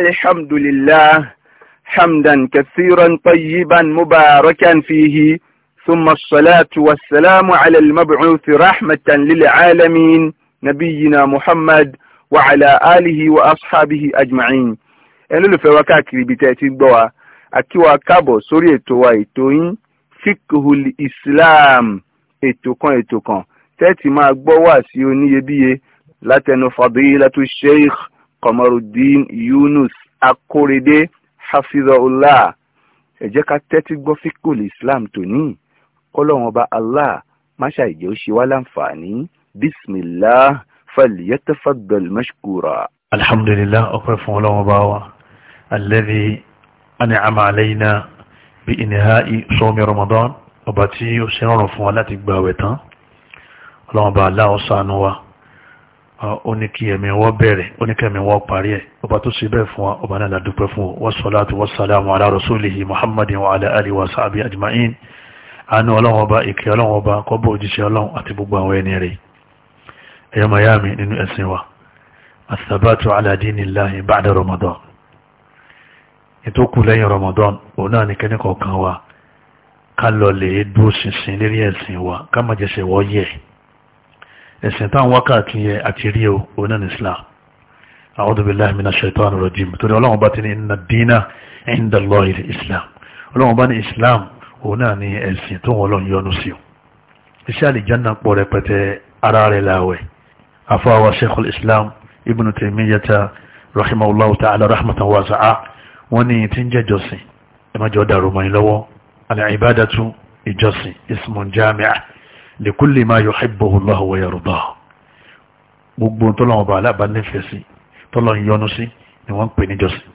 الحمد لله حمدا كثيرا طيبا مباركا فيه ثم الصلاة والسلام على المبعوث رحمة للعالمين نبينا محمد وعلى آله وأصحابه أجمعين إن لفي وكاكري بتأتي الدواء أكيوا كابو سوري التواي توين فكه الإسلام التوكون التوكون تأتي ما أكبوا واسيوني يبيه لتنو فضيلة الشيخ Kọmọrùdín Yunus Akórèdé Hafizahullah ẹ jẹ́ ká tẹ́tí gbọ́ fíkùl Islam tòní kọ́lọ́wọ́n ọba Allah máṣá ìjẹ́ ó ṣe wá láǹfààní bismillah falyatafaddal mashkura. alhamdulillah ọpẹ́ fún ọlọ́wọ́n bá wa alladhi an'ama alayna bi inha'i sawmi ramadan ọba tí ó ṣe rọrùn fún wa láti gbààwẹ̀ tán ọlọ́wọ́n bá Allah ó ṣàánú wa ó ní kí ẹ̀mí wọ́n bẹ̀rẹ̀ ó ní kẹ́mi wọ́n parí ẹ̀ ọba tó ṣe bẹ́ẹ̀ fún wa ọba náà dúpẹ́ fún wa wassalatu wassalamu ala rasulihi muhammadin wa ala alihi wa sahbihi ajma'in àánú ọlọ́run ọba ìkẹ́ ọlọ́run ọba kọ́bọ̀ òjíṣẹ́ ọlọ́run àti gbogbo àwọn ẹni rẹ̀ ẹ̀yọ́ miami nínú ẹ̀sìn wa asabatu ala dinillahi ba'da ramadan ètò kù lẹ́yìn ramadan òun náà ní kẹ́ni kọ̀ọ̀kan wa ká lọ lè dúró ṣinṣin lérí ẹ̀sìn wa ká má jẹ́sẹ̀ wọ́ yẹ̀ ẹ̀sìn táwọn wákàtí yẹn àti rí o oní ní islam a'udhu billahi minash shaitani rajim torí ọlọ́run bá ti ní inna dina inda Allahi islam ọlọ́run bá ní islam òun náà ní ẹ̀sìn tó wọn lọ́n yọnu sí o iṣẹ́ àlìjánná pọ̀ rẹpẹtẹ ara rẹ̀ láwẹ̀ afáwa sheikhul islam ibn taymiyyata rahimahullahu ta'ala rahmatan wasi'a wọ́n ní tí ń jẹ́ jọ́sìn ẹ لكل ما يحبه الله ويرضاه. wa yardahu gbogbo tọ́lọ́wọ́n bá aláàbá nífẹ̀ẹ́ sí tọ́lọ́wọ́n yọ́nú sí ni wọ́n ń pè níjọsìn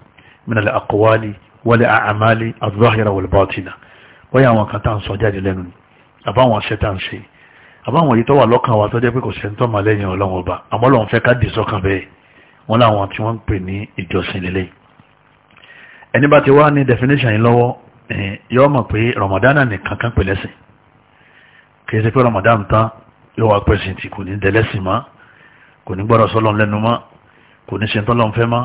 minal aqwali wal a'mali az-zahira wal batina bóyá àwọn kan tá à ń sọ jáde lẹ́nu ni àbáwọn ṣe tá à ń ṣe àbáwọn yìí tó wà lọ́kàn wa tó jẹ́ pé kò ṣe ń tọ́ mà lẹ́yìn ọlọ́wọ́n ọba àmọ́ lọ́n fẹ́ ká dì sọ́kàn bẹ́ẹ̀ wọ́n láwọn tí wọ́n ń pè ní ìjọsìn lélẹ̀ ẹni bá ti wá ní definition yìí lọ́wọ́ eh, yọ́ọ́ mọ̀ pé Ramadan nìkan kan pè lẹ́sìn kìí ṣe Ramadan tán yóò wá pẹ̀sìn tí kò ní dẹlẹ́sìn mọ́ kò ní gbọ́dọ̀ sọ́lọ́n lẹ́nu mọ́ kò ní ṣe tọ́lọ́n fẹ́ mọ́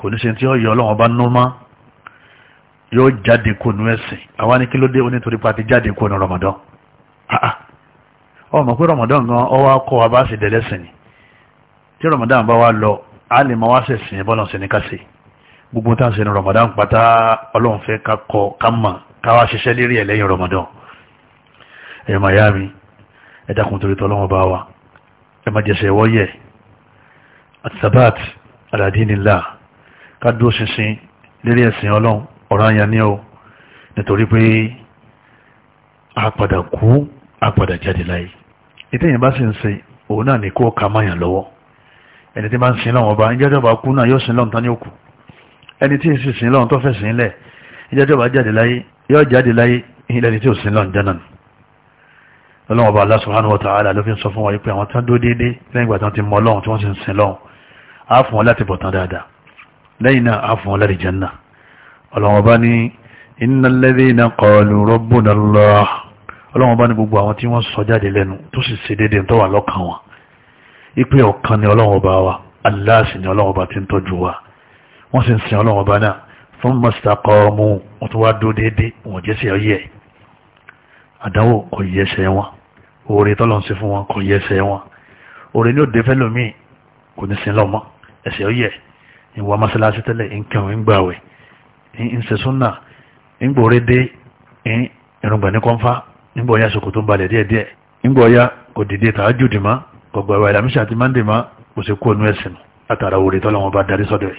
kò ní ṣe tí ọ̀yọ́ bá nú mọ́ yóò jáde kó nu ẹ̀sìn àwa ní kí ló dé onítorí jáde kó nu Ramadan ọmọ pé Ramadan gan ọwọ́ akọ wa bá ṣe dẹlẹ́sìn ni tí Ramadan bá wa lọ a lè mọ wá ṣẹ̀sìn bọ́lọ̀ sí ní kásì gbogbo táwọn ṣe ní Ramadan pátá ọlọ́run fẹ́ ká kọ ká mọ̀ ká wá ṣiṣẹ́ lérí ẹ̀ lẹ́yìn Ramadan ẹ̀yẹ miami ẹ̀dàkùn torí tọ́lọ́wọ́ bá wa ẹ má jẹsẹ̀ ẹ̀wọ́ yẹ àtisabat aladinila kádó ṣinṣin lérí ẹ̀sìn ọlọ́run ọ̀ràn yẹn ní o nítorí pé a padà kú a padà jáde láyé ìtẹ̀yìn bá sì ń ṣe òun náà ní kó ka máyàn lọ́wọ́ ẹni tí bá ń sin lọ́wọ́ bá ń jẹ́jọ́ bá kú náà yóò sin lọ́wọ́ tán ní òkú ẹni tí ìsìn sin lọ́wọ́ tó fẹ́ sin lẹ̀ ń jẹ́jọ́ bá jáde láyé yóò jáde láyé ìlẹ́ni tí ò sin lọ́wọ́ jẹ́ náà ọlọ́run ọba Allah subhanahu wa ta'ala ló fi ń sọ fún wa yí pé àwọn tán dó déédé lẹ́yìn ìgbà tán ti mọ ọlọ́run tí wọ́n sì ń sin lọ́run á fún wọn láti bọ̀ tán dáadáa lẹ́yìn náà á fún wọn láti janna ọlọ́run ọba ní innal ladhina qalu rabbuna Allah ọlọ́run ọba ní gbogbo àwọn tí wọ́n sọ jáde lẹ́nu tó sì ṣe déédé tó wà lọ́kàn wọn ipe ọ̀kan ni ọlọ́run ọba kò yẹsẹ̀ wọn òòrè tọ́lọ̀ ń ṣe fún wọn kò yẹ ẹsẹ̀ wọn òòrè ní òde fẹ́lòmíì kò ní sin lọ́mọ ẹsẹ̀ ó yẹ ìwà mọ́sálásí tẹ́lẹ̀ nǹkan ń gbàwẹ̀ ń ṣe súnà ń gbòòrè dé ìrùngbọ̀n ní kọ́ńfà ń gbọ́ ya sòkòtò ń balẹ̀ díẹ̀díẹ̀ ń gbọ́ ya kò dìde tààjù dì má kò gbà wà ìlàmísà àti mándè má kò sì kó onú ẹ̀sìn látara òòrè tọ́lọ̀ wọn bá darí sọ́dọ̀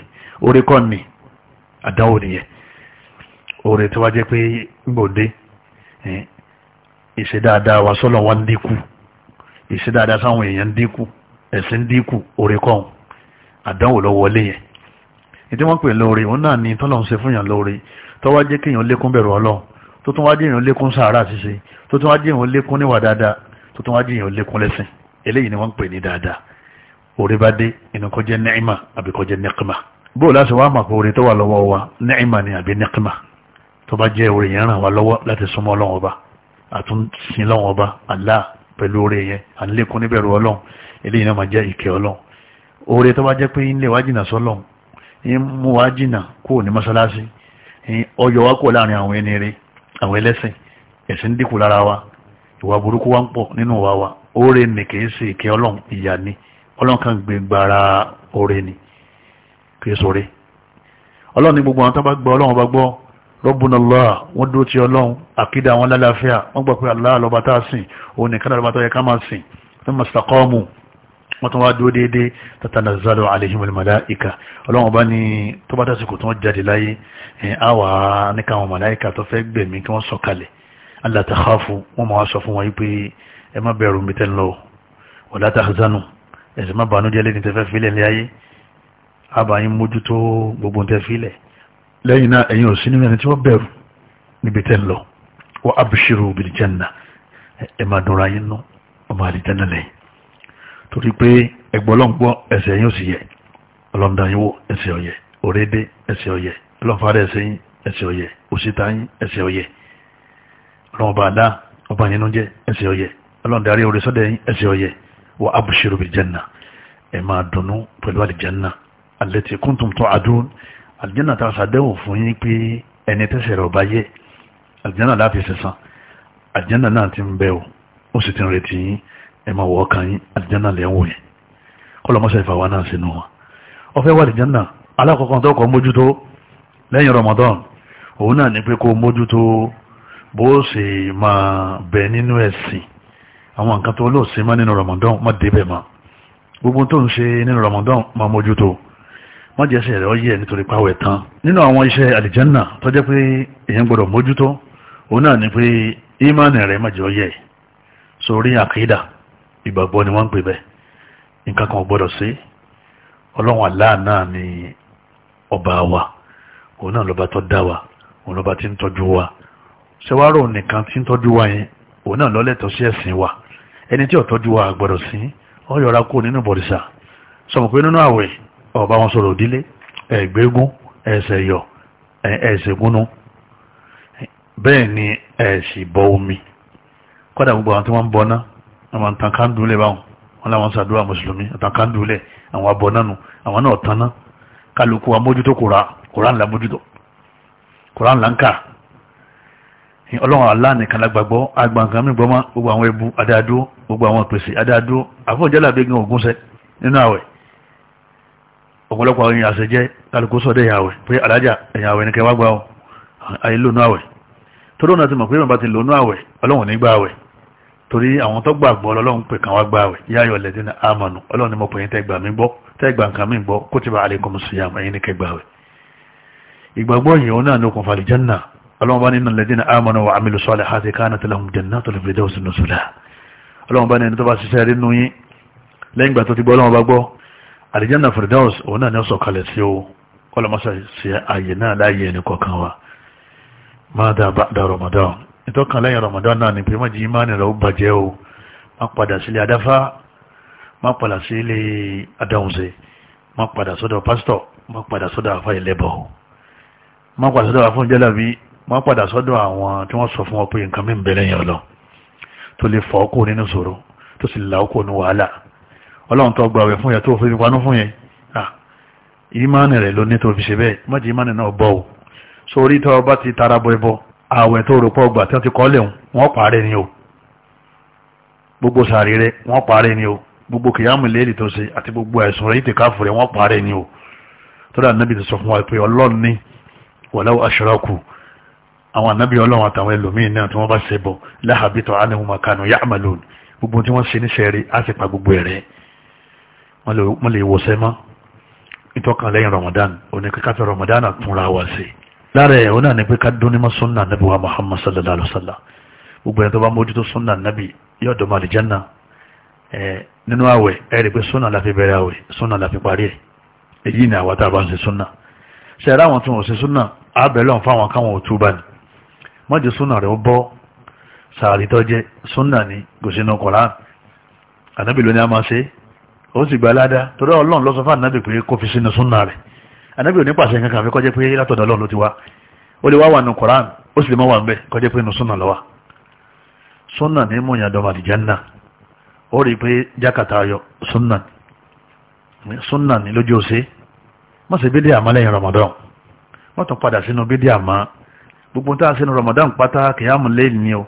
ẹ̀ ìṣe dáadáa wa sọ́lọ̀ wa ń dínkù ìṣe dáadáa sáwọn èèyàn ń dínkù ẹ̀sìn ń dínkù orí kan àdánwò lọ wọlé yẹn ìdí wọ́n pè lóore òun náà ni tọ́lọ̀ ń ṣe fún yàn lóore tó wá jẹ́ kéèyàn lékún bẹ̀rù ọlọ́run tó tún wá jẹ́ èèyàn lékún sàárà ṣíṣe tó tún wá jẹ́ èèyàn lékún níwà dáadáa tó tún wá jẹ́ èèyàn lékún lẹ́sìn eléyìí ni wọ́n pè ní dáadáa orí bá dé inú kó jẹ́ nẹ́ẹ̀mà àbí kó nẹ́ẹ̀kìmà bó láti wá mà kó orí tó wà lọ́wọ́ wa nẹ́ẹ̀mà ni àbí nẹ́ẹ̀kìmà tó bá jẹ́ orí yẹn ràn wá lọ́wọ́ láti súnmọ́ ọlọ́run ọba àtúnṣin lọ́wọ́ ọba alaa pẹ̀lú oore yẹn à ń lékún níbẹ̀rù ọlọ́run eléyìí náà máa jẹ́ ìkẹ́ ọlọ́run oore tó bá jẹ́ pé ń lè wá sọ́lọ́run ń mú wá kúrò ní wá kúrò láàrin àwọn ẹni àwọn ẹlẹ́sìn ẹ̀sìn dínkù lára wa ìwà burúkú wá ń pọ̀ nínú ni kìí ṣe ìkẹ́ ọlọ́run ni ọlọ́run kan gbé gbára oore ni Rabbunallah wọ́n dúró ti ọlọ́run àkídà wọn lálàáfíà wọ́n gbà pé Allah lọ́ba tá a sìn òun nìkan lọ́ba tó yẹ ká máa sìn fún mọ̀sàkọ́ọ̀mù wọ́n tún wá dúró déédé tatanazzalu alaihimul malaika ọlọ́run bá ní tó bá tẹ̀sí kò tó wọ́n jáde láyé àwà níka àwọn màláìka tó fẹ́ gbẹ̀mí kí wọ́n sọ kalẹ̀ Allah takhafu tẹ́ lẹ́yìn náà ẹ̀yin òsín nínú ẹni tí wọ́n bẹ̀rù níbi tẹ́ ń lọ wa abshiru bil janna ẹ máa dùnra yín nú ọmọ àlìjẹ́nà lẹ́yìn torí pé ẹgbọ́n lọ́ngbọ́n ẹsẹ̀ yín òsì yẹ ọlọ́mdà yín wò ẹsẹ̀ ọ̀yẹ òrèdè ẹsẹ̀ ọ̀yẹ ọlọ́fàdà ẹsẹ̀ yín ẹsẹ̀ ọ̀yẹ òsìta yín ẹsẹ̀ ọ̀yẹ ọlọ́mọba àdá ọba àlìjánà tá a sàdéhùn fún yín pé ẹni tẹ́sẹ̀ rẹ̀ ọba yẹ àlìjánà láti sẹ̀sán àlìjánà náà ti ń bẹ o ó sì ti ń retí yín ẹ máa wọ̀ ọkàn yín àlìjánà lẹ́ ń wò yẹn kọ́lọ́mọ́sẹ̀ ìfàwa náà sínú wọn ọfẹ́ wà àlìjánà alákọ̀ọ́kan tó kọ́ mójútó lẹ́yìn Ramadan òun náà ní pé kó mójútó bó ṣe máa bẹ nínú ẹ̀sìn àwọn nǹkan tó lóòsìn má nínú Ramadan má débẹ̀ má gbogbo tó ń ṣe nínú Ramadan má mójútó wọ́n jẹ́ sẹ́yẹ̀rẹ̀ ọyẹ́ nítorí pàwẹ̀ tán nínú àwọn iṣẹ́ àlìjánà tó jẹ́ pé èèyàn gbọ́dọ̀ mójútó òun náà ni pé ìmánì rẹ̀ má jẹ́ ọyẹ́ sórí àkídà ìgbàgbọ́ ni wọ́n ń pè bẹ́ẹ̀ nǹkan kan gbọ́dọ̀ sí ọlọ́run Allah náà ni ọba wa òun náà lọ́ba tó dá wa òun lọ́ba tí ń tọ́jú wa ṣẹwárò nìkan tí ń tọ́jú wa yẹn òun náà lọ́lẹ́tọ̀ sí ẹ̀sìn wa ẹni tí ò wa gbọ́dọ̀ sí ọ yọra nínú bọ̀rìṣà sọmọ nínú àwẹ̀ ọba wọn sọ̀rọ̀ òdílé ẹ̀gbẹ́gún ẹ̀sẹ̀yọ̀ ẹ̀sẹ̀gúnnú bẹ́ẹ̀ ni ẹ̀sì bọ omi kọ́dà gbogbo àwọn tí wọ́n ń bọ náà àwọn tàn ká ń dúlẹ̀ báwọn wọn làwọn sàdúrà mùsùlùmí tàn ká ń àwọn abọ náà àwọn náà tán náà kálukú amójútó kura kura ńlá mójútó kura ńlá ń kà ọlọ́run Allah nìkan lágbàgbọ́ agbàǹkan mi gbọ́mọ́ gbogbo àwọn ẹbu adáadúró gbogbo àwọn pèsè adáadúró àfọ̀jálàbẹ́gàn ògúnṣẹ́ nínú àwẹ̀ ọ̀pọ̀lọpọ̀ àwọn èèyàn àṣẹjẹ́ kálukú sọ́dẹ̀ ìyàwẹ̀ pé alájà ẹ̀yà àwẹ̀ ní kẹwàá gbà ọ́ àìlónú àwẹ̀ torí ọ̀nà ti mọ̀ pé bàbá ti lónú àwẹ̀ ọlọ́run ní gbà àwẹ̀ torí àwọn tó gbàgbọ́ ọlọ́run pè kàn wá gbà àwẹ̀ yá ayọ̀ lẹ́dí ní àmọ̀nù ọlọ́run ni mo pè yín tẹ́gbà mí gbọ́ tẹ́gbà nǹkan mí gbọ́ kutiba alaykum siyam ẹ̀yin ní kẹgbà àwẹ̀ ìgbàgbọ́ gbọ́ àlìjánnà firdaus òun náà ni ọ̀sọ̀ kalẹ̀ sí o kọlọmọsà sí ààyè náà láàyè ẹni kọ̀ọ̀kan wa máa dá bá dá ramadan ìtọ́kàn lẹ́yìn ramadan náà ni pé má jí imáni rẹ̀ ó bàjẹ́ o má padà sílé adáfá má padà sílé adáhunṣe má padà sọ́dọ̀ pásítọ̀ má padà sọ́dọ̀ àfa ìlẹ́bọ̀ má padà sọ́dọ̀ àfọ̀ jẹ́làbí má padà sọ́dọ̀ àwọn tí wọ́n sọ fún ọ pé nǹkan mi ń bẹ lẹ́yìn ọlọ tó lè fọ́ kó nínú ṣòro tó sì là ó kó wàhálà ọlọ́run tó gbà wẹ̀ fún yẹ tó fi panú fún yẹ ìmánì rẹ̀ ló ní tó fi ṣe bẹ́ẹ̀ mọ́jì ìmánì náà bọ̀ o sórí tó bá ti tara bọ ẹbọ ààwẹ̀ tó rò pọ̀ gbà tí wọ́n ti kọ́lẹ̀ wọn parẹ́ ni o gbogbo sàárì rẹ̀ wọ́n parẹ́ ni o gbogbo kìyàmù lẹ́ẹ̀lì tó ṣe àti gbogbo ẹ̀sùn rẹ̀ ìtìkáfù rẹ̀ wọ́n parẹ́ ni o tó dà nábì ti sọ fún wa pé ọlọ́run ní wọ́n lè wọ̀sẹ̀ mọ́ ìtọ́kàn lẹ́yìn Ramadan òní kíkà fẹ́ Ramadan àtúnra wa sí lára ẹ̀ òun náà ni ká dún ní mọ́ sunna nabi wa Muhammad sallallahu alaihi wa sallam gbogbo ẹni tó bá mójútó sunna nabi yóò dọ̀ máa lè jẹ́nà nínú àwẹ̀ ẹ̀ rí pé sunna la fi bẹ̀rẹ̀ àwẹ̀ sunna la fi parí ẹ̀ èyí ni àwa tá ń ṣe sunna ṣe ara àwọn tí wọ́n ṣe sunna àbẹ̀lọ́n fáwọn káwọn ò túbà ní mọ́jẹ́ sunna rẹ̀ ó bọ́ sàárì sunna ni kò sínú Kùránì ànábì a máa ṣe ó sì gba ládá torí ọlọ́run ló sọ fún ànábì pé kó fi sínú súnà rẹ̀ ànábì ò ní pàṣẹ kankan fi kọjá pé látọ̀dọ̀ ọlọ́run ló ti wá ó lè wá wà nù koran ó sì lè má wà nbẹ kọjá pé nù súnà lọ́wọ́ súnà ní mú yàn dọ́mà àlìjánná ó rí i pé jákàtà ayọ̀ súnà súnà ní lójú ọ̀sẹ̀ má ṣe bídí àmọ́ lẹ́yìn Ramadan wọ́n tún padà sínú bídí àmọ́ gbogbo tá a sínú Ramadan pátá kìyàmù ni o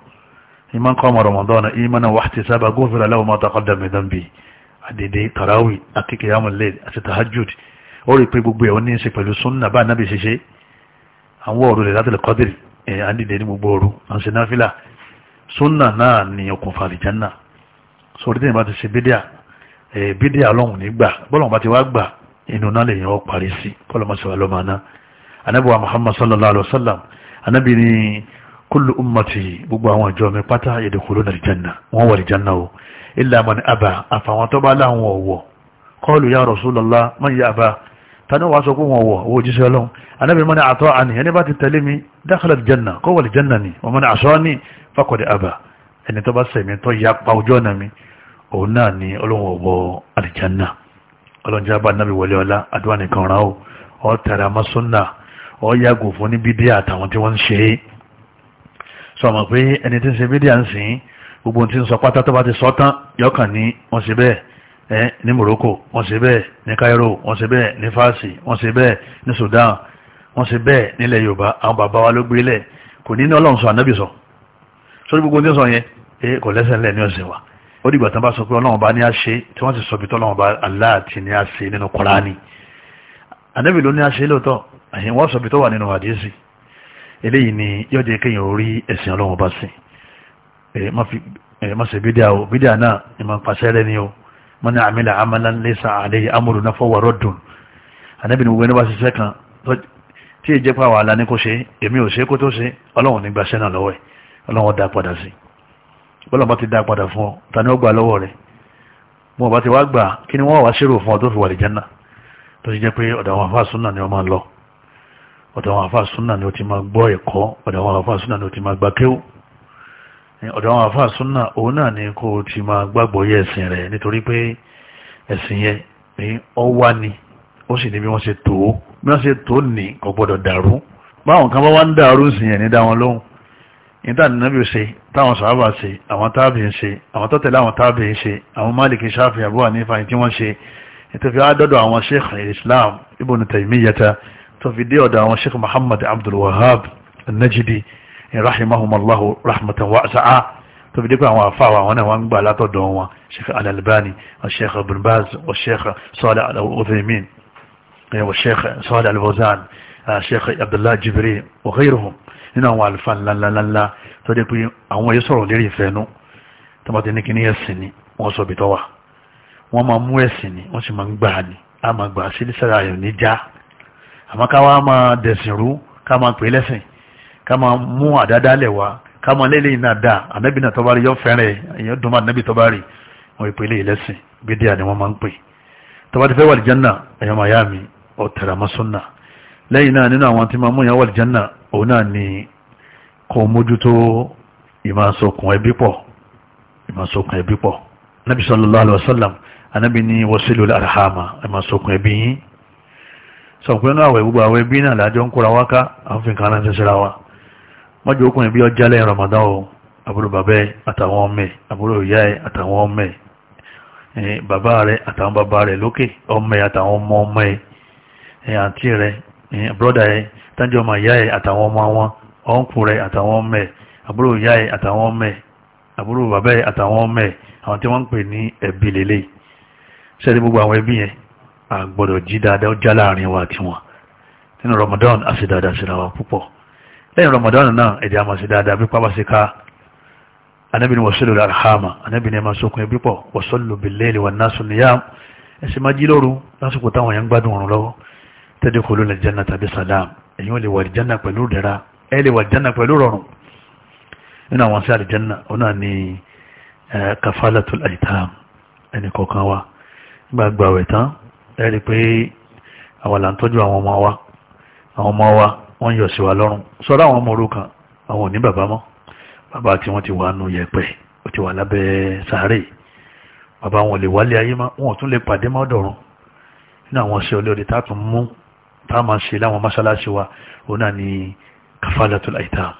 ìmọ̀ kọ́ ọmọ Ramadan ìmọ̀ náà wàhálà sábà gófìrà láwọn ọmọ ọ̀tàkọ́dà mẹ́dánbì àdèdè tarawih àti kìyàmù lè àti tahajjud ó rí pé gbogbo ẹ̀wọ́n ní í ṣe pẹ̀lú sunna bá nábì ṣiṣẹ́ àwọn ọ̀rọ̀ rẹ̀ láti lè kọ́dìrì ẹ̀ àdìdè ní gbogbo ọ̀rọ̀ àti náfìlà sunna náà ní okùnfà àlìjánà sórí tẹ́yìn bá ti ṣe bídíà ẹ̀ bídíà ọlọ́run ní gbà bọ́lọ́run bá ti wá gbà inú náà lè parí sí kọ́lọ́mọṣẹ́wà wa sallam kullu ummati gbogbo àwọn ìjọ mi pátá yadkhuluna aljanna wọ́n wà aljanna o illa man aba àfàwọn tó bá láwọn ọ̀wọ̀ qalu ya rasulallah man ya aba tani wàá sọ pé wọn wọ̀ owó jíṣẹ́ lọ́wọ́ anábì man ata'ani ẹni bá ti tẹ̀lé mi dakhala aljanna kó wà aljanna ni wa man asani faqad aba ẹni tó bá sẹ̀mí tó ya pa ojú ọ̀nà mi òun náà ni ọlọ́wọ̀ wọ aljanna ọlọ́njà bá nábì wọlé ọlá àdúrà nìkan ràn ó ọ tẹ̀ra masunna ọ yàgò fún ní bídíà àtàwọn tí wọ́n ń ṣe é sọmọ pé ẹni tí ń ṣe bídíà ń sìn gbogbo tí ń sọ pátá tó bá ti sọ tán yọkàn ní wọ́n ṣe bẹ́ẹ̀ ẹ ní Morocco wọ́n ṣe bẹ́ẹ̀ ní Cairo wọ́n ṣe bẹ́ẹ̀ ní Fásì wọ́n ṣe bẹ́ẹ̀ ní Sudan wọ́n ṣe bẹ́ẹ̀ nílẹ̀ Yorùbá àwọn bàbá wa ló gbé lẹ̀ kò ní ní Ọlọ́run sọ ànábì sọ sórí gbogbo tí ń sọ yẹn ẹ kò lẹ́sẹ̀ ńlẹ̀ ní ọ̀sẹ̀ wa ó dìgbà tán bá sọ pé Ọlọ́run bá ní àṣẹ tí wọ́n sì sọ bí tọ́lọ́run bá Allah ti ní àṣẹ nínú Kùránì ànábì ló ní àṣẹ lóòótọ́ àyẹ̀wò sọ bí tó wà nínú àdìsí eléyìí ni yóò jẹ́ kéèyàn orí ẹ̀sìn ọlọ́run bá sìn má ṣe bídíà o bídíà náà ni mo pàṣẹ rẹ ni o mo ní àmìlà amala laysa alayhi amruna fahuwa raddun ànábì ni gbogbo ẹni bá ṣiṣẹ́ kan tí èjẹ́ pa wàhálà ní kó ṣe èmi ò ṣe kó tó ṣe ọlọ́run ní gbaṣẹ́ náà lọ́wọ́ ẹ̀ ọlọ́run dá padà sí bọ́lá bá ti dá padà fún ọ ta ni ó gbà lọ́wọ́ rẹ̀ mo bá ti wá gbà kí ni wọ́n wá ṣèrò fún ọ tó fi wà lè jẹ́ náà tó ti jẹ́ pé ọ̀dọ̀ àwọn àfáà súnà ni wọ́n máa ń lọ ọ̀dọ̀ àwọn àfáà súnà ni ó ti máa gbọ́ ẹ̀kọ́ ọ̀dọ̀ àwọn àfáà súnà ni ó ti máa gba kéwù ọ̀dọ̀ àwọn àfáà súnà òun náà ni kó o ti máa gbàgbọ́ yẹ ẹ̀sìn rẹ̀ nítorí pé ẹ̀sìn yẹn ni ọ wá ni ó sì ní bí wọ́n ṣe tó o bí wọ́n ṣe tó o ní kò gbọ́dọ̀ dàrú báwọn kan bá wá ń dàrú sí yẹn ní dá wọn lóhùn ní táà nínú bí ṣe táwọn sàábà ṣe àwọn táàbì ń ṣe àwọn tọ́tẹ̀lé àwọn táàbì ń ṣe àwọn máàlìkì ṣáfì àbúrò ànífàyìn tí wọ́n ṣe ètò fi àwọn sheikh islam ibn Taymiyyah tó fi dé ọ̀dọ̀ àwọn sheikh muhammad abdul wahab najidi rahimahumallahu rahmatan wasi'a tó fi dé pé àwọn àfáà àwọn náà wọ́n ń gbà látọ̀dọ̀ wọn sheikh alalbani sheikh ibn baz sheikh salih al-uthaymin eh, sheikh salih al-fawzan eh, sheikh abdullah jibril wa ghayruhum nínú àwọn àlùfáà ńláńláńlá tó dé pé àwọn yóò sọ̀rọ̀ lérí ìfẹ́ nú tó bá ti ní kíní ẹ̀sìn ni wọ́n sọ ibi tó wà wọ́n máa mú ẹ̀sìn ni wọ́n sì máa ń gbà ni a máa gbà sí àmọ́ ká wá máa dẹ̀sìn rú ká máa pè lẹ́sìn ká máa mú àdáda lẹ̀ wá ká máa lélẹ̀ iná dá ànábì náà tọ́bárí yọ fẹ́rẹ̀ èèyàn dùn máa tọ́bárí wọn ìpele ìlẹ́sìn bídíà ni wọ́n máa ń pè tọ́ba ti fẹ́ wà lìjánà ẹ̀yàn máa yá mi ọ̀tẹ̀ràmọ́ súnà lẹ́yìn náà nínú àwọn tí máa mú yàn wà lìjánà òun náà ni kò mójútó ìmọ̀sọ̀kùn ẹbí pọ̀ ìmọ̀sọ̀kùn ẹbí pọ̀ sọ̀pẹ́ náà àwẹ̀ gbogbo àwẹ̀ bí náà lájọ́ ń kóra wáká àfin kan náà wa mọ́jọ́ okùnrin bí ọjà lẹ́yìn Ramadan o àbúrò bàbá ẹ̀ àtàwọn ọmọ ẹ̀ àbúrò ìyá ẹ̀ àtàwọn ọmọ ẹ̀ bàbá rẹ̀ àtàwọn bàbá rẹ̀ lókè ọmọ ẹ̀ àtàwọn ọmọ ọmọ ẹ̀ àǹtí rẹ̀ brọ́dà ẹ̀ tájọ́ ọmọ ìyá ẹ̀ àtàwọn ọmọ wọn ọ̀nkù rẹ̀ àtàwọn ọmọ àbúrò ìyá ẹ̀ àtàwọn ọmọ àbúrò bàbá àtàwọn ọmọ àwọn tí wọ́n ń pè ní ẹbí lélẹ́yìí àgbọ̀dọ̀ jí dáadáa ó já láàrin wa àti wọn nínú Ramadan a sì dáadáa síra wa púpọ̀ lẹ́yìn Ramadan náà ẹ̀dẹ̀ a máa sì dáadáa bí pápá sí ká anábì ni wọ́sílò lárhàmà anábì ni ẹ máa sókun ẹbí pọ̀ wọ́sọ́lù bìlẹ́ẹ̀lì wà náà sùn yá ẹ̀sìn máa jí lóru lásìkò táwọn yẹn ń gbádùn ọ̀run lọ́wọ́ tẹ́lẹ̀ kò ló lè jẹ́nà tàbí sàlám ẹ̀yin ò lè wà jẹ́nà pẹ̀lú dẹ̀ra ẹ̀ lè wà jẹ́nà pẹ̀lú rọrùn nínú àwọn sí àlìjẹ́nà ọ̀nà ni eh, kafalatul aitam ẹnì kọ̀ọ̀kan wa gbàgbà wẹ̀ tán ẹ̀rí pé àwọn là ń tọ́jú àwọn ọmọ wa àwọn ọmọ wa wọ́n yọ̀ sí wa lọ́rùn sọ́dọ̀ àwọn ọmọ òrukàn àwọn ò ní bàbá mọ́ bàbá tí wọ́n ti wà nù yẹ̀pẹ̀ ó ti wà lábẹ́ sàárè bàbá wọn lè wálé ayé má wọn ò tún lè pàdé má dọ̀run nínú àwọn ṣe olóde tá a tún mú tá a máa ṣe láwọn mọ́ṣáláṣí wa òun náà ni kafalatul aitam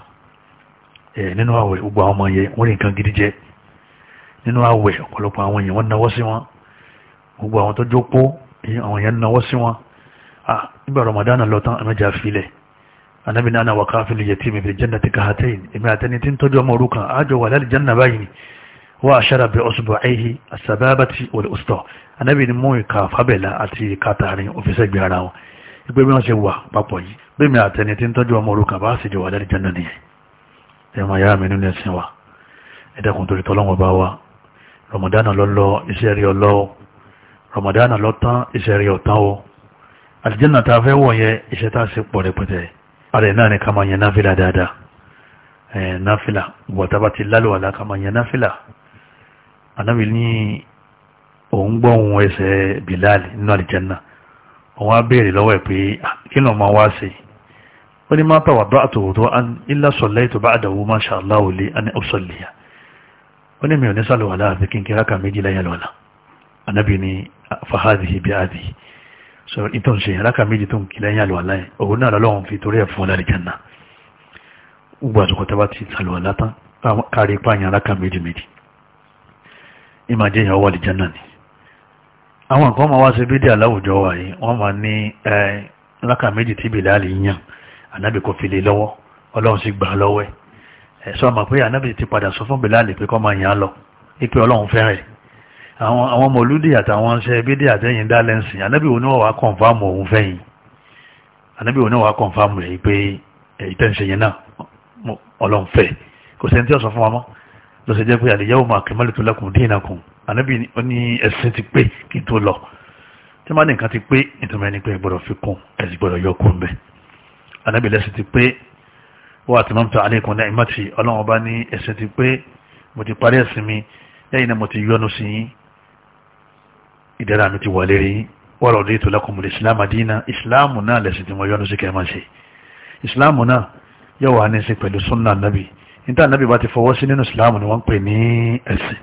ẹ̀ nínú àwẹ̀ gbogbo àwọn ọmọ yẹn wọ́n rí nǹkan gidi jẹ nínú àwẹ̀ ọ̀pọ̀lọpọ̀ àwọn èèyàn wọ́n náwó sí wọn gbogbo àwọn tó jókòó Eh, àwọn èèyàn náwó sí wọn nígbà Ramadan lọ tán ẹ̀mẹ́jà filẹ̀ anábì náà wà káfílì yẹ tí mi fi jẹ́nà ti káhàtẹ́ yìí èmi àtẹni tí ń tọ́jú ọmọ òrukàn àjọ wà lálẹ́ jẹ́nà báyìí wọ́n àṣàrà bẹ ọ̀ṣùbọ̀ ẹ̀hì àṣàbábàtì wọlé ọ̀ṣùtọ̀ anábì ni mú ìka fábẹ̀lá àti ìka tààrin òfìsẹ́ gbé ara wọn ìgbé bí wọ́n ṣe wà papọ̀ yìí bí mi àtẹni tí Ramadan lọ́tán iṣẹ́ rẹ̀ ọ̀tán o àlìjẹ́nà tá a fẹ́ wọ̀ yẹn iṣẹ́ tá a ṣe pọ̀ rẹpẹtẹ ààrẹ náà ni ká máa yẹn náfìlà dáadáa ẹ̀ náfìlà bọ̀tá bá ti lálọ́ àlá ká máa yẹn náfìlà anábì ní òun gbọ́ ohun ẹsẹ̀ Bilal nínú àlìjẹ́nà òun á béèrè lọ́wọ́ ẹ̀ pé ah, kí ló máa wá sí i ó ní máa tàwà bá àtòwòtò ilá sọ̀lẹ́ ètò bá àdàwó máa ṣàlá òlé ẹni ọ̀sọ̀lẹ́yà ó ní mi ò ní sàlùwàlá àfi kí n kí rákà méjì lẹ́yìn lọ́la anábì ní fahadhi bí adhi so ìtọ́ ṣe aláka méjì tó ń kí lẹ́yìn àlùwàlá yẹn òun náà lọ́lọ́run fi torí ẹ̀ fún ọ̀la àlìjánná gbogbo àsìkò tó bá ti sàlùwàlá tán kárí pààyàn aláka méjì méjì ìmọ̀ jẹ́ ìyàwó àlìjánná ni àwọn nǹkan máa wá sí bídíà láwùjọ wa yìí wọ́n máa ní aláka méjì tí Bílálì yàn anábì kò fi lè lọ́wọ́ ọlọ́run sì gbà á lọ́wọ́ ẹ̀ ma pé anábì ti padà sọ fún Bílálì pé kọ́ máa yàn á lọ ipe ọlọ́run fẹ́rẹ̀ẹ́ àwọn àwọn mọ̀lúdì àtàwọn ṣe bídí àtẹ́yìn dálẹ́ǹsì anábì òní wà kọ̀nfàmù òun fẹ́yìn anábì òní wà kọ̀nfàmù rẹ̀ pé èyí náà ọlọ́nfẹ́ kò sẹ́ni tí ó sọ fún wa mọ́ ló ṣe jẹ́ pé àlèyáwó máa kì mọ́lẹ̀ tó lẹ́kùn dín ìnàkùn anábì ó ní ẹ̀sìn ti pé kí tó lọ tí má nìkan ti pé ìtumọ̀ ẹni pé gbọ́dọ̀ fi kún ẹ̀sìn gbọ́dọ̀ yọ kún bẹ́ẹ̀ anábì lẹ́sìn ti pé wọ́n àti ìdẹ́ra mi ti wà lérí yín wọ́n rọ̀ dé lakumul islam adina islam náà lẹ̀sìn tí wọ́n yọ́nu sí kẹ́ẹ̀mọ́ ṣe islam náà yóò wà ní sí pẹ̀lú sunna nabi níta nabi bá ti fọwọ́ sí nínú islam ni wọ́n pè ní ẹ̀sìn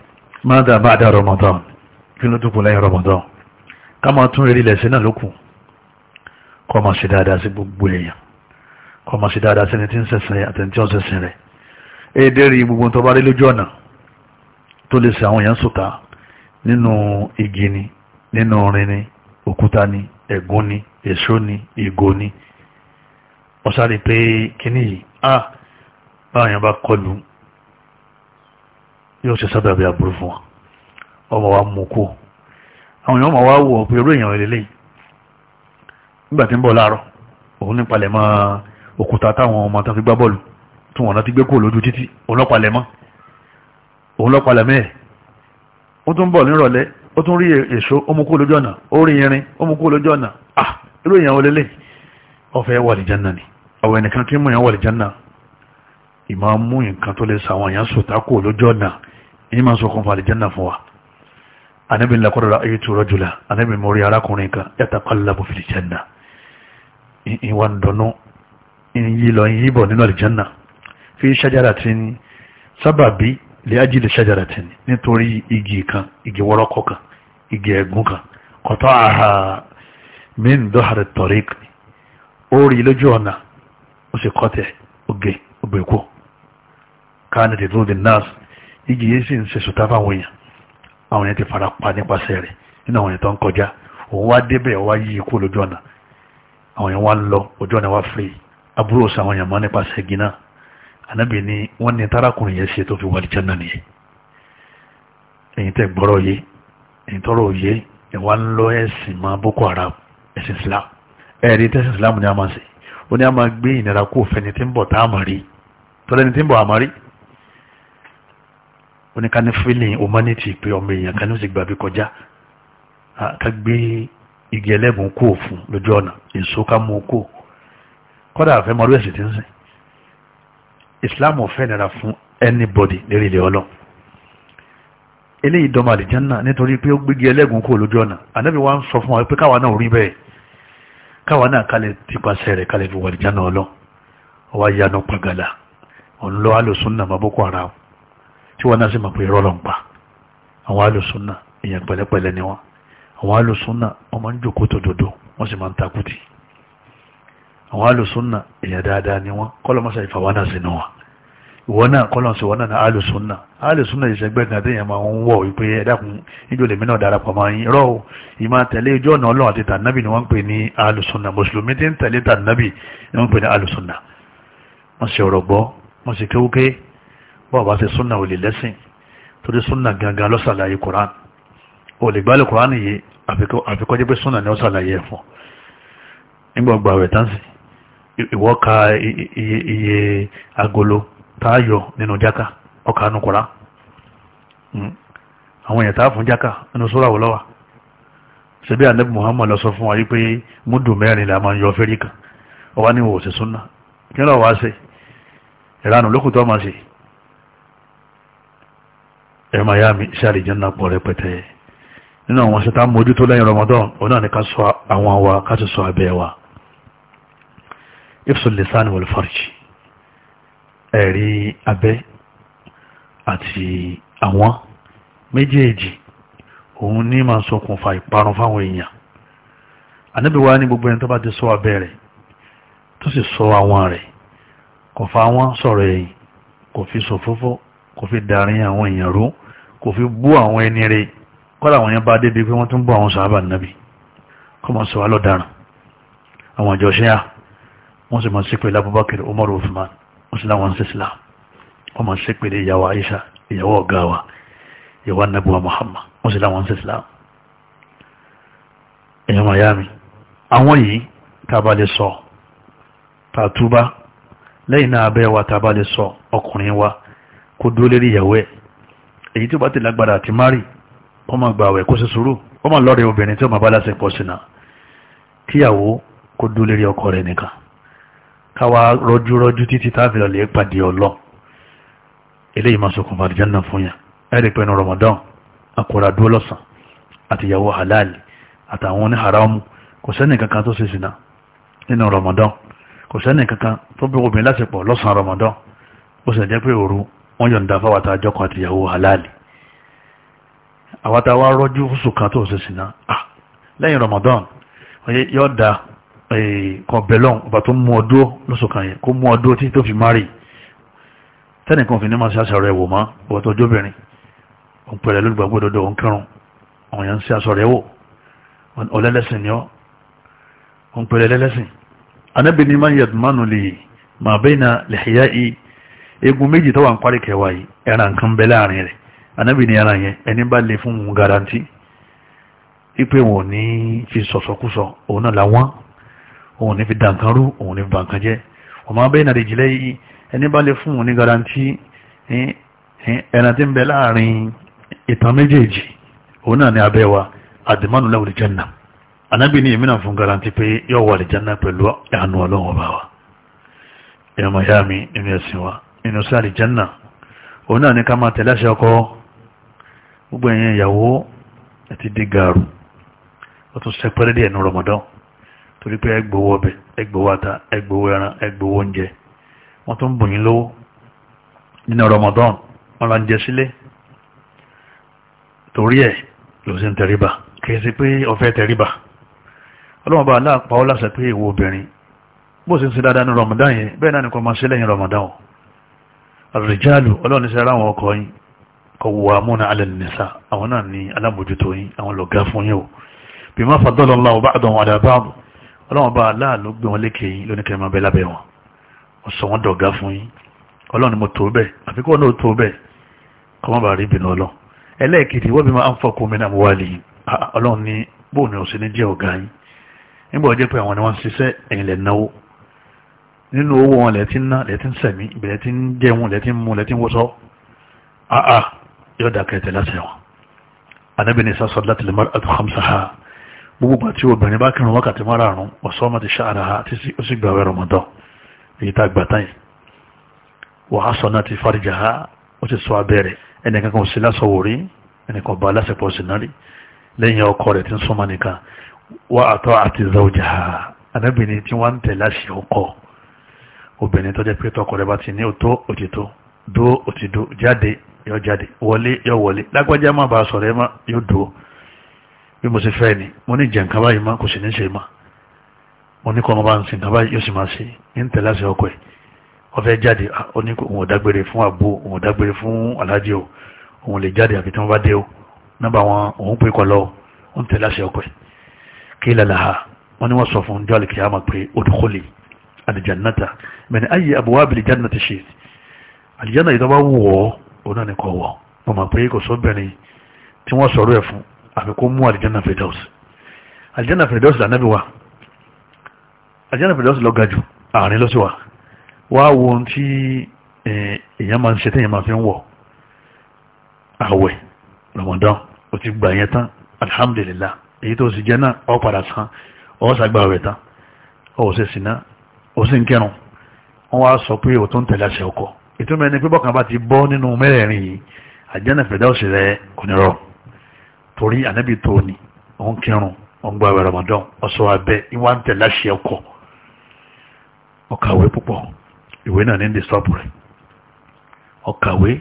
mada ba'da ramadan kí ló dúkù lẹ́yìn ramadan ká máa tún eré lẹ̀sìn náà lókun kọ́ máa ṣe dáadáa sí gbogbo èèyàn kọ́ máa ṣe dáadáa sí ni tí ń nínú orin ni òkúta ni ẹ̀gún ni èso ni ìgò ni wọ́n sáré pé kíní yìí á báwọn yẹn bá kọlù yóò ṣe sábàbí aburú fún wọn ọmọ wa mú kú àwọn èèyàn ọmọ wa wò pé irú èèyàn ìlélẹ̀ nígbà tí ń bọ̀ láàárọ̀ òun ní palẹ̀mọ́ òkúta táwọn ọmọ tó fi gbá bọ́ọ̀lù tí wọ́n ti gbé kúrò lójú títí òun lọ́pàlẹ̀mọ́ òun lọ́pàlẹ̀mọ́ ẹ̀ ó tún bọ̀ nírọ̀lẹ́ ó tún rí èso ó lójú ọ̀nà ó irin ó lójú ọ̀nà ah irú èèyàn olélè ọ̀fẹ́ wà lè jẹ́nà ni àwọn ẹnìkan tí mú yàn wà lè jẹ́nà ìmọ̀ mú nǹkan tó lè sàwọn èèyàn sòtá kó lójú ọ̀nà èyí máa ń sọ kún fún àlìjẹ́nà fún wa anábì ńlá kọ́dọ̀rọ̀ ayé tó rọ́jùlá anábì mo rí arákùnrin kan yàtà kọ́lá bó fi lè jẹ́nà ìwà ń ìyí lọ ìyí bọ̀ nínú àlìjẹ́nà fi ṣájára ti sábàbí lè ajílẹ̀ ṣẹ́jẹ̀rẹ̀tì nítorí igi kan igi wọ́rọ́kọ́ kan igi ẹ̀gún kan kọ̀tọ́ ha min dọ́hàrẹ̀ tọ̀rík o rí lójú ọ̀nà o si kọ́tẹ̀ oge ògbèkú káàní ti lóde nurse igi yìí sì ń ṣe sùtá fáwọn èèyàn àwọn èèyàn ti fara pa nípasẹ̀ rẹ̀ nínú àwọn èèyàn anabi ni wọn ní tarakùnrin yẹn ṣe tó fi wàlìjá náà nìyẹn èyí tẹ gbọ́rọ̀ yé èyí tọrọ òye ìwà ń lọ ẹ̀sìn máa boko haram ẹ̀sìn islam ẹ̀rí tẹ̀sìn islam ni a máa ṣe ó ní a máa gbé ìnira kó fẹni tí ń bọ̀ tá a máa rí tọ́lá ẹni tí ń bọ̀ a máa rí ó ní ká ní humanity pé ọmọ èèyàn ká ní ó sì gbà bí kọjá ká gbé igi ẹlẹ́bùn kó fún lójú ọ̀nà èso ká mú kó kọ́dà àfẹ́ mọ́rú ẹ̀sìn tí ń sìn islam ò fẹ́ nira fún anybody lérí ilẹ̀ ọlọ́ eléyìí dọ́mọ àlìjánná nítorí pé ó gbégi ẹlẹ́gùn kó lójú ọ̀nà ànábì wa ń sọ fún wa pé káwa náà rí bẹ́ẹ̀ káwa náà kalẹ̀ tipasẹ̀ rẹ̀ kalẹ̀ fi wà àlìjánná ọlọ́ ọwọ́ yanu pagala ọ̀nlọ́ alùsùnà máa boko haram tí wọ́n náà sì máa pè é rọ́lọ́ ń pa àwọn alùsùnà èèyàn pẹ̀lẹ́pẹ̀lẹ́ ni wọ́n àwọn alùsùnà wọ́n máa ń jòkó tòdodo wọ́n sì máa ń takùtì àwọn alùsùnà èèyàn dáadáa ni wọ́n kọ́lọ́mọ́sá ìfàwọ́nà sínú wọn ìwọ́n náà kọ́lọ́mọ́sá ìwọ́n náà alùsùnà alùsùnà ìṣẹ́gbẹ́ kan téèyàn máa ń wọ̀ wípé ẹ̀dàkùn ìjọ lèmi náà darapọ̀ máa yín rọ́ o ìmá tẹ̀lé ìjọ ọ̀nà ọlọ́run àti tànàbì ni wọ́n ń pè ní alùsùnà mùsùlùmí tí ń tẹ̀lé tànàbì ni wọ́n ń pè ní alùsùnà wọ́n sì ọ̀rọ̀ gbọ́ wọ́n sì kéwúké bọ́ọ̀ bá ṣe súnà ò lè lẹ́sìn torí súnà gangan ló ṣàlàyé Kùránì ò lè gbálẹ̀ Kùránì yìí àfikọ́ pé súnà ni ó ṣàlàyé ẹ̀fọ́ nígbà gbàwẹ̀ tánsì ìwọ iye agolo táyọ̀ nínú jáka ọkà anukura hmm. àwọn èèyàn táà fún jáka nínú sóra wò lọ́wà ṣebí anabi muhammad lọ sọ fún wa yí múdù mẹ́rin la máa ń yọ fẹ́rí kan ọwá ní òwò sí súnà kí ló wá ṣe ìranù lókùn tó máa ṣe ẹ máa yá mi sáré jẹ́nà pọ̀ rẹpẹtẹ nínú àwọn ṣe tá mójútó lẹ́yìn ramadan òun náà ní ká sọ àwọn wa ká sì sọ abẹ́ wa ifsul lisan wal farj ẹ̀rí abẹ́ àti àwọn méjèèjì òun ní máa ṣokùnfà ìparun fáwọn èèyàn ànábì wa ní gbogbo ẹni tó bá ti sọ abẹ́ rẹ̀ tó sì sọ àwọn rẹ̀ kò fa àwọn sọ̀rọ̀ ẹ̀yìn kò fi ṣòfófó kò fi darin àwọn èèyàn rú kò fi bú àwọn ẹni rẹ̀ kọ́lá àwọn yẹn bá débi pé wọ́n tún bú àwọn sàábà nàbì kọ́mọ sọ wá lọ́daràn àwọn àjọṣe à wọ́n sì máa ń ṣépè lábúbákiri Umar Uthman wọ́n sì láwọn ń sísìlá wọ́n máa ń ṣépè lé ìyàwó Aisha ìyàwó ọ̀gá ìyàwó anabuwa Muhammad wọ́n sì láwọn ń sísìlá èèyàn miami àwọn yìí tàbá lè sọ tàtúbá lẹ́yìn náà abẹ́ wa tàbá lè sọ ọkùnrin wa kó dúró lérí ìyàwó ẹ̀ èyí tó bá ti lágbára wọ́n máa gbà wẹ̀ kó sì sùúrù wọ́n máa lọ́rẹ̀ obìnrin tí ó máa bá láṣepọ̀ sínà kíyàwó kó dúró lérí rẹ̀ nìkan káwa rọjúrọjú títí táàfilọ lè pàdé ọlọ eléyìí máa sọkùnfà àdìjánná fún yàn ẹ̀rì pẹ̀lú Ramadan àkùrà dúró lọ́sàn àtìyàwó halali àtàwọn oníhàrámù kò sẹ́ni kankan tó ṣe sìnà nínú Ramadan kò sẹ́ni kankan tó bí obìnrin lásìpọ̀ lọ́sàn Ramadan ó sì jẹ́ pé òru wọ́n yọ̀ǹda fáwọn àtàjọ kan àtìyàwó halali àwọn àtàwọn rọjú fúsù kan tó ṣe sìnà lẹ́yìn Ramadan yọ̀ǹda Eh, kan bẹ̀lọ́n ọba tó mú ọdún lọ́sọ̀kan yẹn kó mú ọdún tí tó fi márì tẹ́nìkan fi ní máa ṣàṣà rẹ̀ wò mọ́ ọba tó jóbìnrin òun pẹ̀lẹ́ ló gbàgbọ́ dọ́dọ̀ òun kírun àwọn èèyàn ń ṣe aṣọ rẹ̀ wò ọlẹ́lẹ́sìn ni ọ́ òun pẹ̀lẹ́ lẹ́lẹ́sìn anábì ní máa ń yẹ̀dùn mánu lè máa bẹ́ẹ̀ na lè i egun méjì tó wà ń parí kẹwàá yìí ẹran nǹkan bẹ láàrin rẹ̀ garanti ipe wọn ò ní fi sọ̀sọ̀kúsọ òun òun ní fi dànkan rú òun ní fi bànkan jẹ́ ọmọ abẹ́ ìnàdì ìjìlẹ̀ yìí ẹni bá lè fún òun ní garanti ẹran tí ń bẹ láàrin ìtàn méjèèjì òun náà ní abẹ́ wa àdìmánu lẹ́wọ̀n ìjẹ́nà anábì ní ìmìnà fún garanti pé yóò wà ìjẹ́nà pẹ̀lú àánú ọlọ́run ọba wa ẹ̀rọ mayami inú ẹ̀sìn wa inú sí àlìjẹ́nà òun náà ní ká máa tẹ̀lé àṣẹ ọkọ gbogbo ẹ̀yìn ìyàwó ẹ̀ ti ó tún ṣẹpẹ́rẹ́ díẹ̀ ní Ramadan torí pé ẹgbòwó ọbẹ̀ ẹgbòwó ata ẹgbòwó ẹran ẹgbòwó oúnjẹ wọ́n tún bùn yín lówó nínú Ramadan wọ́n la ń jẹ sílé torí ẹ̀ ló sì ń tẹríba kìí sí pé ọ̀fẹ́ tẹríba ọlọ́mọba aláàpá ó láṣẹ pé ìwọ obìnrin bó sì ń ṣe dáadáa ní Ramadan yẹn bẹ́ẹ̀ náà ni kò máa ṣe lẹ́yìn Ramadan o àrùjálù ọlọ́run ṣe ráwọn ọkọ yín kò wù àmúna alẹ́ nìsa àwọn náà ni alámòjútó yín àwọn lọ̀gá fún yín o bí má fàdọ́lọ́lá ọba àdánwò àdàbáàbò ọlọ́run bá aláàlú gbé wọn lékè yín lóní kẹrin máa bẹ lábẹ́ wọn ó sọ wọn dọ̀gá fún yín ọlọ́run ni mo tó bẹ́ẹ̀ àfi kó náà tó bẹ́ẹ̀ kọ́ mọ́ bá rí ìbínú ọlọ́run ẹlẹ́ẹ̀kejì wọ́n bí máa ń fọkùn mi náà mo wá lè yín ọlọ́run ní bóun ni òsín ní jẹ́ ọ̀gá yín nígbà ọjọ́ pé àwọn ni wọ́n ń ṣiṣẹ́ ẹ̀yìn lẹ̀ náwó nínú owó wọn lẹ̀ ná lẹ̀ sẹ̀mí ìbẹ̀lẹ̀ jẹun lẹ̀ ti ń mu lẹ̀ ti ń wọ́sọ́ lásẹ̀ wọn anábìnrin sasọ́ láti lè gbogbo àti obìnrin bá kírun wákàtí márààrún ọ̀sán ọmọ ti ṣàrà ha tí ó sì gbàwẹ̀ rọmọdán èyí tá gbàtán yìí wàá sọ náà ti fàríjà ha ó ti sọ abẹ́rẹ́ ẹnìkan kan sí lásọ̀wò rí ẹnìkan bá lásìkò sí náà rí lẹ́yìn ọkọ rẹ̀ tí ń súnmọ́ nìkan wá àtọ́ àti zawjà ha anábìnrin tí wọ́n ń tẹ̀ láṣẹ ọkọ obìnrin tó pé tọkọ rẹ̀ bá ti ní òtó òtító dó òtító jáde yọ jáde wọlé yọ wọlé lágbájá má bàa sọ̀rọ̀ yóò dúró bí mo ṣe fẹ́ ni mo ní jẹ nǹkan báyìí má kò sì ní ṣe má mo ní kọ́ ọmọ bá ń sin nǹkan báyìí yóò sì máa ṣe ń tẹ̀lé àṣẹ ọkọ ẹ̀ ọfẹ́ jáde ó ní òun ò dágbére fún àbú òun ò dágbére fún aláàjì o òun lè jáde àbí tí wọ́n bá dé o nọ́mbà wọn òun pè kọ́ lọ ó ń tẹ̀lé àṣẹ ọkọ ẹ̀ kí lálẹ́ ha wọ́n ní wọ́n sọ fún jọ́ọ̀lì kìyàmà pé odùkọ́lì àlìjànàtà mẹ́ni àfi kó mú àlìjánà fèdọ́s àlìjánà fèdọ́s lànàbí wa àlìjánà fèdọ́s lọ gajù àárín lọ́sí wa wá wo ohun tí èèyàn máa ń ṣe téèyàn máa fi ń wọ̀ àwẹ̀ Ramadan o ti gbà yẹn tán alhamdulillah èyí tó sì jẹ́ náà ọ padà san ọ sàgbà rẹ̀ tán ọ sì sinna ọ sì ń kẹrùn wọn wá sọ pé o tó ń tẹ̀lé àṣẹ ọkọ ìtumọ̀ ẹni pé bọ́kàn bá ti bọ́ nínú mẹ́rẹ̀ẹ̀rin yìí àlìjánà fèdọ́s rẹ̀ kò ní rọrùn torí ànábì tó ní òun kírun òun gba Ramadan ọ̀sọ̀ abẹ ìwà ń tẹ̀lé àṣẹ ọkọ̀ ọ̀kàwé púpọ̀ ìwé náà ní disturb rẹ̀ ọ̀kàwé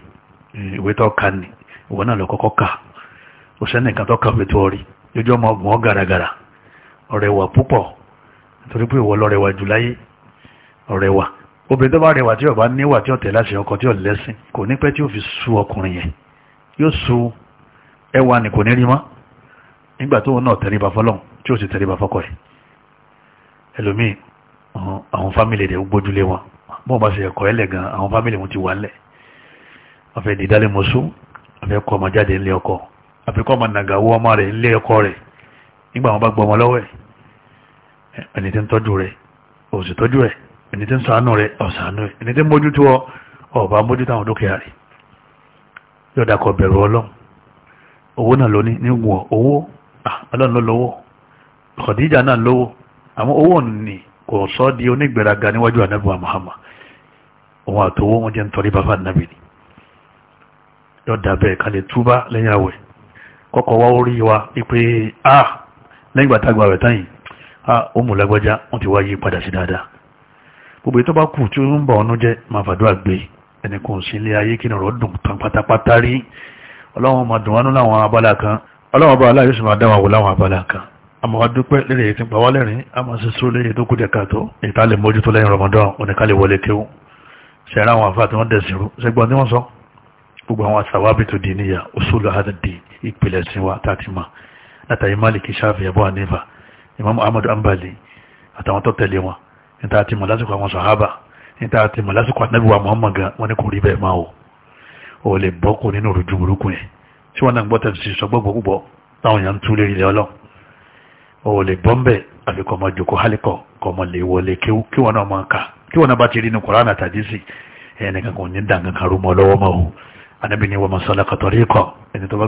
ìwé tó ka ní ìwé náà lọ kọ́kọ́ kà òṣèlú nìkan tó kàwé tó rí lójú ọmọ ọgbọ̀n ọ gàràgàrà ọ̀rẹ́ wà púpọ̀ nítorí pé ìwọ lọ́rẹ́ wà jù láyé ọ̀rẹ́ wà obìnrin tó bá rẹwà tí ó bá níwà tí ó tẹ̀lé àṣẹ ọkọ̀ tí ó lẹ́sìn kò ní pẹ́ tí ó fi sú ọkùnrin yẹn yóò sú ẹwà ni kò ní rí mọ́ nígbà tóun náà tẹríba fọlọ́n tí ó sì tẹríba fọkọ rẹ̀ ẹlòmíì àwọn fámìlì rẹ̀ gbójúlé wọn bọ́n bá ṣe ẹ̀kọ́ ẹlẹ̀ gan àwọn fámìlì wọn ti wà lẹ̀ wọ́n fẹ́ di dálé mọ́sú wọ́n fẹ́ kọ́ ọmọ jáde ńlé ọkọ wọ́n fẹ́ kọ́ ọmọ nàgàwó ọmọ rẹ̀ ńlé ọkọ rẹ̀ nígbà wọn bá gbọ́ ọmọ lọ́wọ́ ẹ̀ ẹni tí ń tọ́jú rẹ̀ ò sì tọ́jú rẹ̀ ẹni tí ń ṣàánú rẹ̀ ò ṣàánú rẹ̀ ẹni tí ń mójútó ọ ọba mójútó àwọn dúkìá rẹ̀ yọ̀dà kọ bẹ̀rù ọlọ́run owó náà lóní ní wọ owó ọlọ́run ló lówó Khadija náà lówó àwọn owó ní kò sọ di onígbèraga níwájú ànábì Muhammad òun àtòwó wọn jẹ́ ń tọrí bàbá ànábì ni yóò dàbẹ̀ ká lè túbá lẹ́yìn àwẹ̀ kọ́kọ́ wá orí wa wípé a lẹ́yìn ìgbà tágbà rẹ̀ táyìn a ó mú lágbájá wọ́n ti wá yí padà sí dáadáa gbogbo ètò bá kù tí ó ń bọ̀ ọ́nú jẹ́ máa fàdúrà gbé ẹnìkan sí ilé ayé kí ni ọ̀rọ̀ dùn tán pátápátá rí ọlọ́run máa dùn wánú láwọn abala kan ọlọ́run bá aláyọ̀ sì máa dá wa wò láwọn abala kan àmọ́ wa dúpẹ́ lórí èyí tí ń pa wá lẹ́rìn á máa ṣe sórí èyí tó kù dẹ̀ kàtó ìta lè mójútó lẹ́yìn Ramadan oníkálẹ̀ wọlé kéwù ṣẹ̀rá àwọn àfáà tí wọ́n dẹ̀ sírú ṣẹgbọ́n tí wọ́n sọ gbogbo àwọn àṣàwábì tó di níyà usulu hadha ìpìlẹ̀ sí wa tàti ma látàrí Malik Shafi Abu Hanifa Imam Ahmad Ambali àtàwọn tó tẹ̀lé wọn níta àti mọ̀ lásìkò àwọn sàhábà níta àti mọ̀ lásìkò ànábì Muhammad gan wọn ni kò rí bẹ́ẹ̀ máa wò o lè bọ́kù nínú òrùjú burúkú yẹn tí wọ́n náà gbọ́ tẹ̀sí sọgbọ́gbọ́ púpọ̀ táwọn èèyàn ń tú lérí ilẹ̀ ọlọ́run o lè bọ́ mbẹ́ àfi kọ́ ọmọ jòkó hálíkọ̀ kọ́ ọmọ lè wọlé kí wọ́n náà máa kà kí wọ́n náà bá ti rí inú kọ́ránà tàbí sí ẹnìkan kò ní dàn kankan rú mọ́ lọ́wọ́ mọ́ o anábì ni wọ́n sọ́lá kọ́tọ́ rí kọ́ ẹni tó bá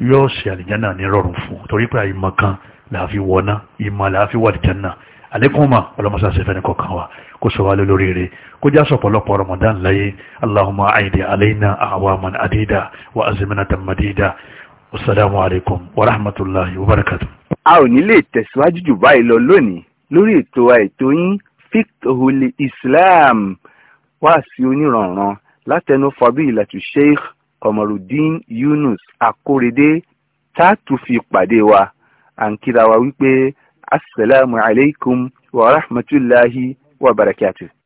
yóò ṣe àlìjánà ní rọrùn fún torí pé àìmọ̀ kan làáfi wọná ìmọ̀ làáfi wà àlìjánà àlékúnmà ọlọ́mọsá ṣe fẹ́ni kọ̀ọ̀kan wa kó sọ wá lórí rẹ̀ kó já sọ̀pọ̀lọpọ̀ ramadan láyé allahumma aidi alaina awaman adida wa aziminatan madida wasalaamu alaykum wa rahmatulahi wa barakatu. a ò ní lè tẹ̀síwájú jù báyìí lọ lónìí lórí ètò àìtó yín fiqhul islam wá sí onírànran látẹnu fadilatu sheikh kọmọrùdín yunus akórèdé tá a tún fi pàdé wa à ń kíra wa wípé asalaamualeykum wa rahmatulahi wa barakatuh.